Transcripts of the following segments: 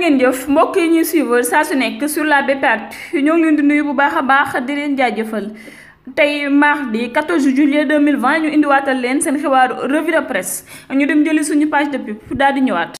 ngeen jëf mbokk yi ñuy suivre saa su nekk sur la BP Actu ñoo ngi leen nuyu bu baax a baax di leen jaajëfal tey mardi 14 juillet 2020 ñu indiwaatal leen seen xibaaru revue de presse ñu dem jëli suñu page de pub daal di ñëwaat.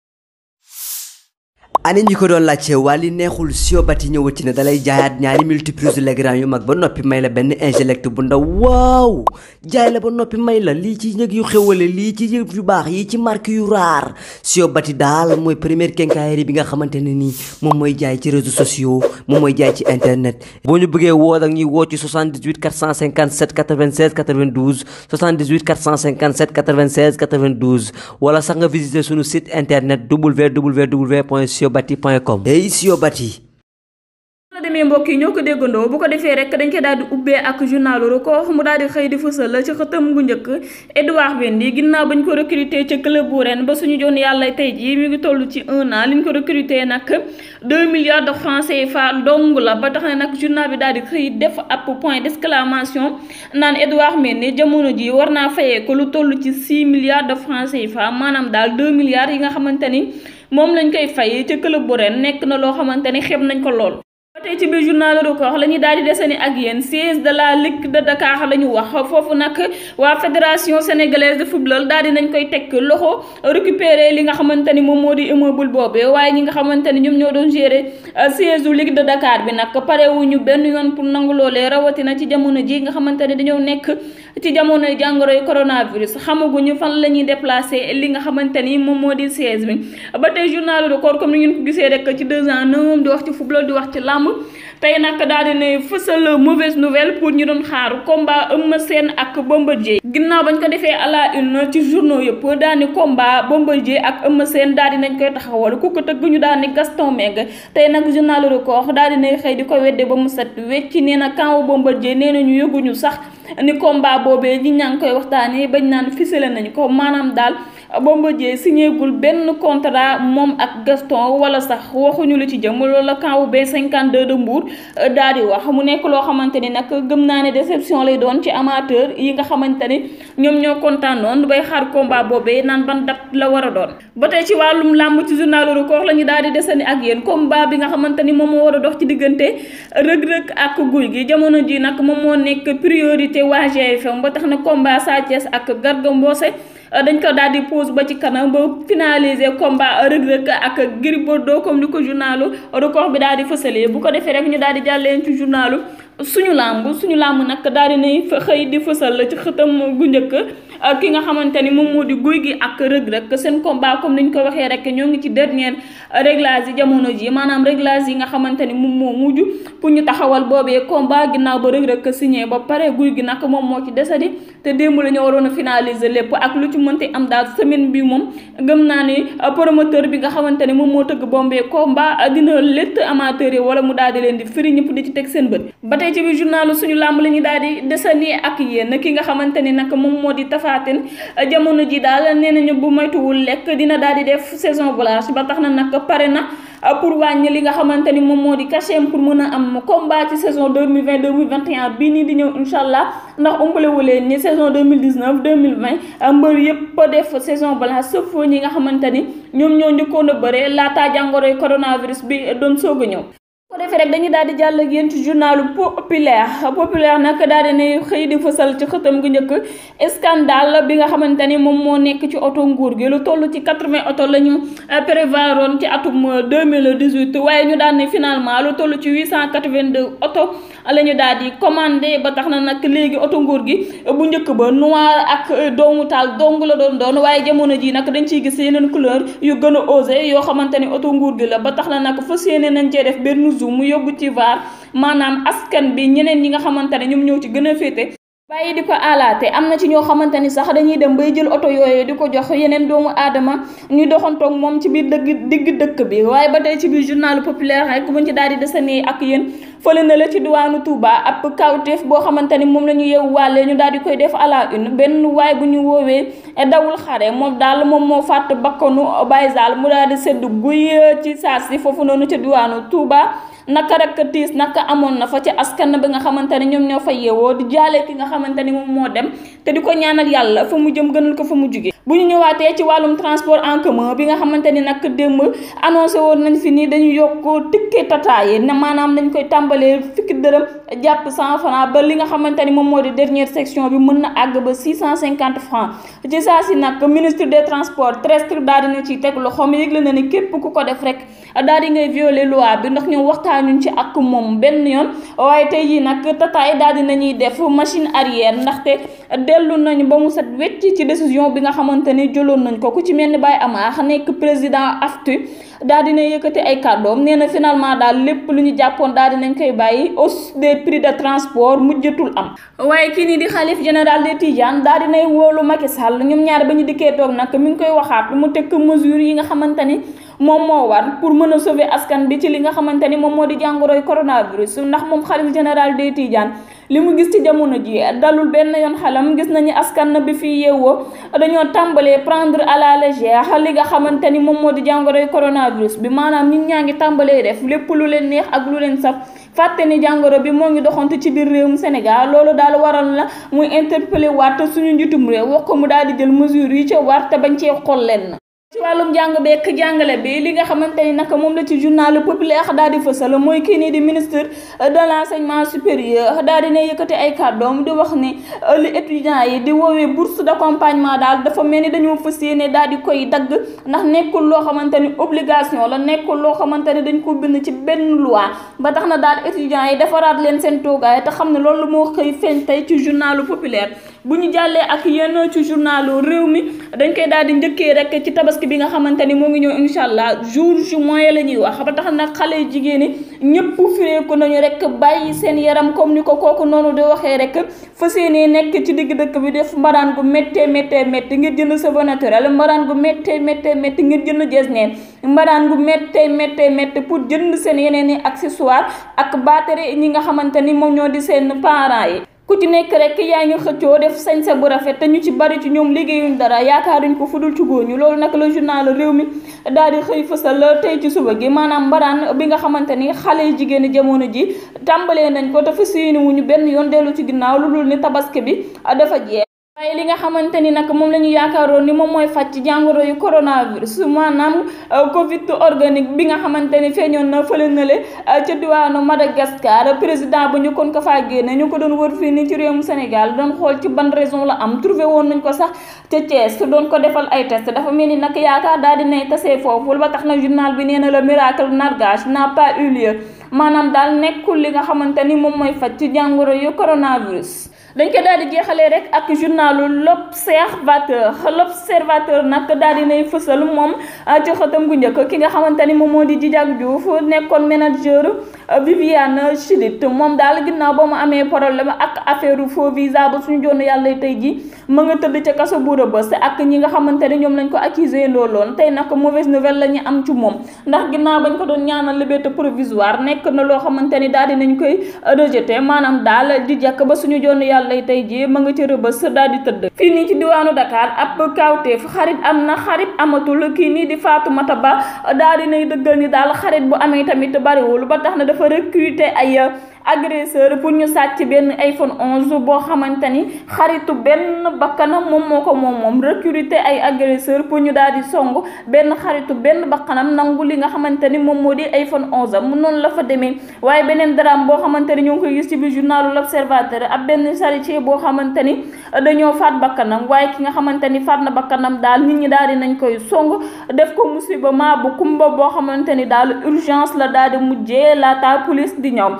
ani ñi ko doon laajte Wally neexul siobati ñëwati na dalay jaayaat ñaari multiprise Legrand yu mag ba noppi may la benn Ingelect bu ndaw waaw jaay la ba noppi may la lii ci njëg yu xewale lii ci yëf yu baax yi ci marque yu raar siobati daal mooy première quincaillerie bi nga xamante ne nii moom mooy jaay ci réseaux sociaux moom mooy jaay ci internet boo ñu bëggee woo ak ñuy woo ci 78 457 96 92 78 457 96 92 sax nga visiter suñu site internet isiobati point com et isiobati demee mbokk yi ñoo ko déggandoo bu ko defee rek dañ koy daal di ubbee ak journal record mu daal di xëy di fësal ci xëtam bu njëkk Edouard Mendy ginnaaw bañ ko recruter ca club bu ren ba suñu joon yàlla tey jii mi ngi toll ci un an liñ ko recruter nag deux milliards de francs CFA dong la ba tax na nag journal bi daal di xëy def ab point d'exclamation naan Edouard Mendy jamono ji war naa fayee ko lu toll ci six milliards de francs CFA maanaam daal deux milliards yi nga xamante ni moom lañ koy fay ca club bu ren nekk na loo xamante ne xeeb nañ ko lool. tey ci biir journal record la ñuy daal di desani ak yéen siège de la Ligue de Dakar la ñu wax foofu nag waa fédération sénégalaise de football daal di nañ koy tekk loxo récupérer li nga xamante ni moom moo di immeuble boobee waaye ñi nga xamante ni ñoom ñoo doon gérer euh, siège du Ligue de Dakar bi nag parewuñu benn yoon pour nangu loolee rawatina ci jamono ji nga xamante ni dañoo nekk ci jamono jàngoroy coronavirus xamaguñu fan la ñuy déplacer li nga xamante ni moom moo di siège bi ba tey journal record comme ni ngeen ko gisee rek ci deux ans na moom di wax ci football di wax ci làmb tey nag daal di ne fësal mauvaise nouvelle pour ñu doon xaar combat Eumeu Sène ak Bombardier ginnaaw bañ ko defee à la une ci journaux yëpp daal ni combat ak Eumeu seen daal di nañ koy taxawal ku ko tëgg ñu daal ni Gaston Mbengue tey nag journal record daal di ne xëy di ko wedde ba mu set wecc nee na kaw Bombardier nee na ñu yëguñu sax ni combat boobee ñi ñaa ngi koy waxtaanee bañ naan fësale nañ ko maanaam daal. Bombardier signéegul benn contrat moom ak Gaston wala sax waxuñu lu ci jëm loolu la camp bu B52 de Mbour euh, daal wax mu nekk loo xamante ni nag gëm naa ne déception lay doon ci amateur yi nga xamante ni ñoom ñoo kontaan noonu bay xaar combat boobee naan ban dat la war a doon ba tey ci wàllum làmb ci journal record la ñu daal di desani ak yéen combat bi nga xamante ni moom moo war a dox ci diggante rëg-rëg ak guy gi jamono ji nag moom moo nekk priorité waa GFM ba tax na combat Sa ak Garga Mbossé Euh, dañ ko daal di pause ba ci kanam ba finaliser combat Reug Reug ak Gris doo comme ni ko journalu record bi daal di fësalee bu ko defee rek ñu daal di jàlleen ci journalu suñu làmb suñu làmb nag daal di nay xëy di la ci xëtam gu njëkk Euh, ki nga xamante ni moom moo di guy gi ak rëg-rëg seen combat comme ni ñu ko waxee rek ñoo ngi ci dernier réglage yi jamono ji maanaam réglage yi nga xamante ni moom moo mujj pour ñu taxawal boobee combat ginnaaw ba rëg-rëg signé ba pare guy gi nag moom moo ci desadi te démb la ñu waroon a finaliser lépp ak lu ci mënti am daal semaine bi moom gëm naa ni euh, promoteur bi nga xamante ni moom moo tëgg bombee combat euh, dina létt amateur yi wala mu daal di leen di firi ñëpp di ci teg seen bët ba tey ci bi journalu suñu làmb la ñu daal di desani ak yéen ki nga xamante ni nag moom moo di tafa tafaatin jamono ji daal nee nañu bu moytuwul lekk dina daal di def saison blanche ba tax na nag pare na pour wàññi li nga xamante ni moom moo di cachet pour mën a am combat ci saison 2020 2021 bi nii di ñëw incha allah ndax umpalewu leen ni saison 2019 2020 mbër yëpp def saison blanche sauf yi nga xamante ni ñoom ñoo njëkkoon a bëre laataa jàngoroy coronavirus bi doon soog a ñëw ko defee rek dañuy daal di jàll ak yéen ci journalu populaire populaire nag daal di ne xëy di fësal ci xëtam gu njëkk scandale bi nga xamante ni moom moo nekk ci oto nguur gi lu toll ci quatre-vingts oto la ñu euh, prévoir woon ci atum euh, deux mille dix-huit waaye ñu daan ne finalement lu toll ci huit cent oto la ñu daal di ba tax na nag léegi oto nguur gi bu njëkk ba noir ak euh, doomu taal dong la doon doon waaye jamono ji nag dañ ciy gis yeneen couleur yu gën a yoo xamante ni oto nguur gi la ba tax na nag fas yéene nañ cee def benn jours mu yóbbu ci vaar maanaam askan bi ñeneen ñi nga xamante ne ñoom ñoo ci gën a féete bàyyi di ko alaate am na ci ñoo xamante ni sax dañuy dem bay jël oto yooyu di ko jox yeneen doomu aadama ñuy doxantoog moom ci biir dëgg digg dëkk bi waaye ba tey ci biir journal populaire rek buñ ci daal di desani ak yéen fële na la ci diwaanu Touba ab kawteef boo xamante ni moom la ñu yewwaale ñu daal di koy def à la une benn waay bu ñu woowee dawul xare moom daal moom moo fàtt bakkanu Baye Sall mu daal di sedd guy ci saas si foofu noonu ci diwaanu Touba naka rek tiis naka amoon na fa ci askan bi nga xamante ne ñoom ñoo fa yewoo di jaale ki nga xamante ni moom moo dem te di ko ñaanal yàlla fa mu jëm gënal ko fa mu jugee. bu ñu ñëwaatee ci wàllum transport en commun bi nga xamante ni nag démb annoncé woon nañ fi ni dañu yokk ticket tata yi na maanaam dañ koy tàmbalee fukki dërëm jàpp cent franc ba li nga xamante ni moom moo di dernière section bi mën na àgg ba six cent cinquante franc ci saa si nag ministre des transports très strict daal dina ciy teg loxoom yëgle na ni képp ku ko def rek daal di ngay violer loi bi ndax ñoom waxtaanuñ ci ak moom benn yoon waaye tey jii nag tata yi daal dinañuy def machine arrière ndaxte dellu nañu ba mu set wecc ci décision bi nga xamante xamante ne jëloon nañ ko ku ci mel ni Baye Amar nekk président aftu daal dina yëkkati ay kàddoom nee na finalement daal lépp lu ñu jàppoon daal dinañ koy bàyyi hausse des prix de transport mujjatul am waaye kii nii di xalif général des Tidianes daal dinay woolu Macky Sall ñoom ñaar ba ñu dikkee toog nag mi ngi koy waxaat mu tekk mesure yi nga xamante ni moom moo war pour mën a sauver askan bi ci li nga xamante ni moom moo di jàngoro jàngoroy coronavirus ndax moom xalif général de tijan li mu gis ci jamono ji dalul benn yoon xelam gis nañu askan bi fi yeewoo dañoo tàmbalee prendre à la légère nga xamante ni moom moo di jàngoro jàngoroy coronavirus bi maanaam nit ñaa ngi tàmbalee def lépp lu leen neex ak lu leen saf fàtte ni jàngoro bi moo ngi doxante ci biir réewum Sénégal loolu daal waral la muy interpellé waat suñu njiitum réew wax ko mu daal di jël mesure yi ca war te bañ cee xool leen ci wàllum jàng beek jàngale bi li nga xamante ni nag moom la ci journal populaire daal di fësal mooy kii nii di ministre de l' enseignement supérieur daal di ne yëkkati ay kàddoom di wax ni euh, li étudiants yi di woowe bourse d' accompagnement daal dafa mel ni dañoo fas yéene daal di koy dagg ndax nekkul loo xamante ni obligation la nekkul loo xamante ni dañ ko bind ci benn loi ba tax na daal étudiants yi defaraat leen seen toogaay te xam ne loolu moo xëy feeñ tey ci journal populaire. bu ñu jàllee ak yenn ci journalu réew mi dañ koy daal di njëkkee rek ci tabaski bi nga xamante ni moo ngi ñëw incha allah jour ju moyen la ñuy wax ba tax nag xale jigéen ñi ñëpp fireeku nañu rek bàyyi seen yaram comme ni ko kooku noonu di waxee rek fa yéenee nekk ci digg dëkk bi def mbaraan gu méttee méttee métti ngir jënd savon naturel mbaraan gu méttee méttee métti ngir jënd jees neen mbaraan gu méttee méttee métti pour jënd seen yeneen i accessoire ak batterie ñi nga xamante ni moom ñoo di seen parents yi ku ci nekk rek yaa ngi xëccoo def sañse bu rafet te ñu ci bari ci ñoom liggéeyuñ dara yaakaaruñ ko dul ci góor ñu loolu nag la journal réew mi daal di xëy fësal tey ci suba gi maanaam mbaraan bi nga xamante ni xale yi jigéen jamono ji tàmbalee nañ ko te fas yéene wuñu benn yoon dellu ci ginnaaw lu dul ni tabaski bi dafa jeex waaye li nga xamante ni nag moom la ñu yaakaaroon ni moom mooy faj ci jàngoro yu coronavirus maanaam euh, Covid organique bi nga xamante ni feeñoon na fële na le euh, ca diwaanu Madagascar président ba ñu kon ko faa génne ñu ko doon wër fii nii ci réew mu Sénégal doon xool ci ban raison la am trouvé woon nañ ko sax ca Thiès doon ko defal ay test dafa mel ni nag yaakaar daal dinay tasee foofu ba tax na journal bi nee la le miracle nargage n'a pas eu lieu maanaam daal nekkul li nga xamante ni moom mooy faj ci jàngoro yu coronavirus. dañ ko daal di jeexalee rek ak journalu l'observateur l'observateur nag daal di nay fësal moom ah, ci xëtam gu njëkk ki nga xamante ni moom moo di Djidjack Diouf nekkoon manager ah, Viviane Chidid moom daal ginnaaw ba mu amee problème ak affaire foo visa ba suñu joon yàlla tey ji ma nga tëdd ca kaso bu Rebeuss ak ñi nga xamante ne ñoom nañ ko accusé looloon tey nag mauvaise nouvelle la ñu am ci moom ndax ginnaaw bañ ko doon ñaanal liberté provisoire nekk na loo xamante ni daal di nañ koy euh, rejeté maanaam daal di jàkk ba suñu jonn yàlla tey jii ma nga ca Rebeuss daal di tëdd fii nii ci diwaanu Dakar ab kawteef xarit am na xarit amatul kii nii di Fatoumata Ba daal di nay dëggal ni daal xarit bu amee tamit bariwul ba tax na dafa recruter ay agresseur pour ñu sàcc benn iPhone 11 boo xamante ni xaritu benn bakkanam moom moo ko moom moom recruter ay agresseur pour ñu daal di song benn xaritu benn bakkanam nangu li nga xamante ni moom moo di iPhone 11 am noonu la fa demee waaye beneen drame boo xamante ni ñoo ngi koy gis ci biir journalu L'Observateur ab benn charretier boo xamante ni dañoo faat bakkanam waaye ki nga xamante ni faat na bakkanam daal nit ñi daal di nañ koy song def ko musiba maa bu kumba boo xamante ni daal urgence la daal di mujjee laata police di ñëw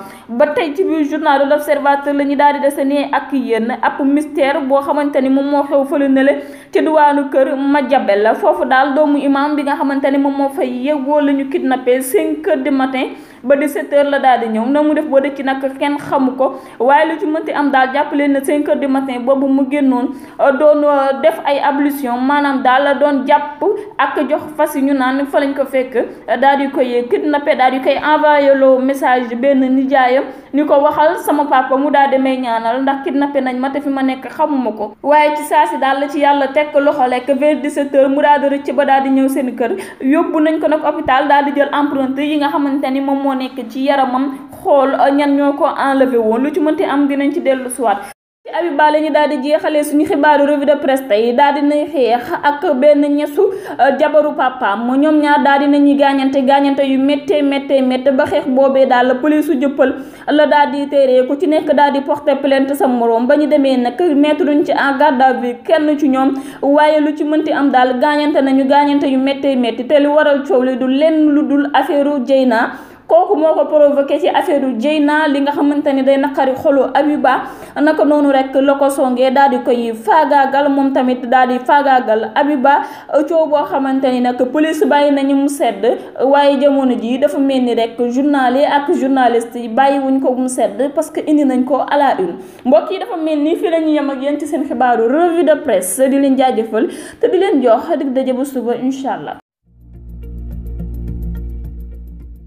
tey ci biir journal l'Observateur la ñu daal di dese nii ak yéen ab mystère boo xamante ni moom moo xew fële nele ci diwaanu kër ma Madiabel la foofu daal doomu imam bi nga xamante ni moom moo fay yëgoo la ñu kidnappé cinq heures du matin ba di heures la daal di ñëw na mu def boo dëcc nag kenn xamu ko waaye lu ci mënti am daal jàppale na 5 heures du matin boobu mu génnoon euh, doon euh, def ay ablution maanaam daal doon jàpp ak jox fas yi ñu naan fa lañ ko fekk euh, daal di koy kidnappé daal di koy envoyé loo message benn nijaayam ni ko waxal sama papa mu daa demee ñaanal ndax kidnappé nañ ma te fi ma nekk xamuma ko waaye ci saa si daal la ci yàlla tekk loxo lekk vers 17 mu daal di rëcc ba daal di ñëw seen kër yóbbu nañ ko nag hôpital daal di jël empreinte yi nga xamante ni moom moo nekk ci yaramam xool ñan ñoo ko enlevé woon lu ci mënti am dinañ ci dellu siwaat ci Habib Ba la ñu daal di jeexalee suñu xibaaru revue de presse tey daal di xeex ak benn ñesu euh, jabaru papaam ñoom ñaar daal di nañuy gaañante gaañante yu méttee méttee méttee ba xeex boobee daal la polisu jëppal la daal di ku ci nekk daal di porter plainte sa moroom ba ñu demee nag mettre ci en garde à kenn ci ñoom waaye lu ci mënti am daal gaañante nañu gaañante yu méttee métti te lu waral coow li du lenn lu dul affaire Dieyna. kooku moo ko provoqué ci affaire u naa li nga xamante ni day naqari xolu Abiba naka noonu rek la ko songee daal di koy faagaagal moom tamit daal di faagaagal Abiba coow boo xamante ni nag police bàyyi nañu mu sedd waaye jamono jii dafa mel ni rek journal yi ak journaliste yi bàyyiwuñ ko mu sedd parce que indi nañ ko alaat la une mbokk yi dafa mel ni fii la ñu yem ak yéen ci seen xibaaru revue de presse di leen jaajëfal te di leen jox dig daje bu suba incha allah.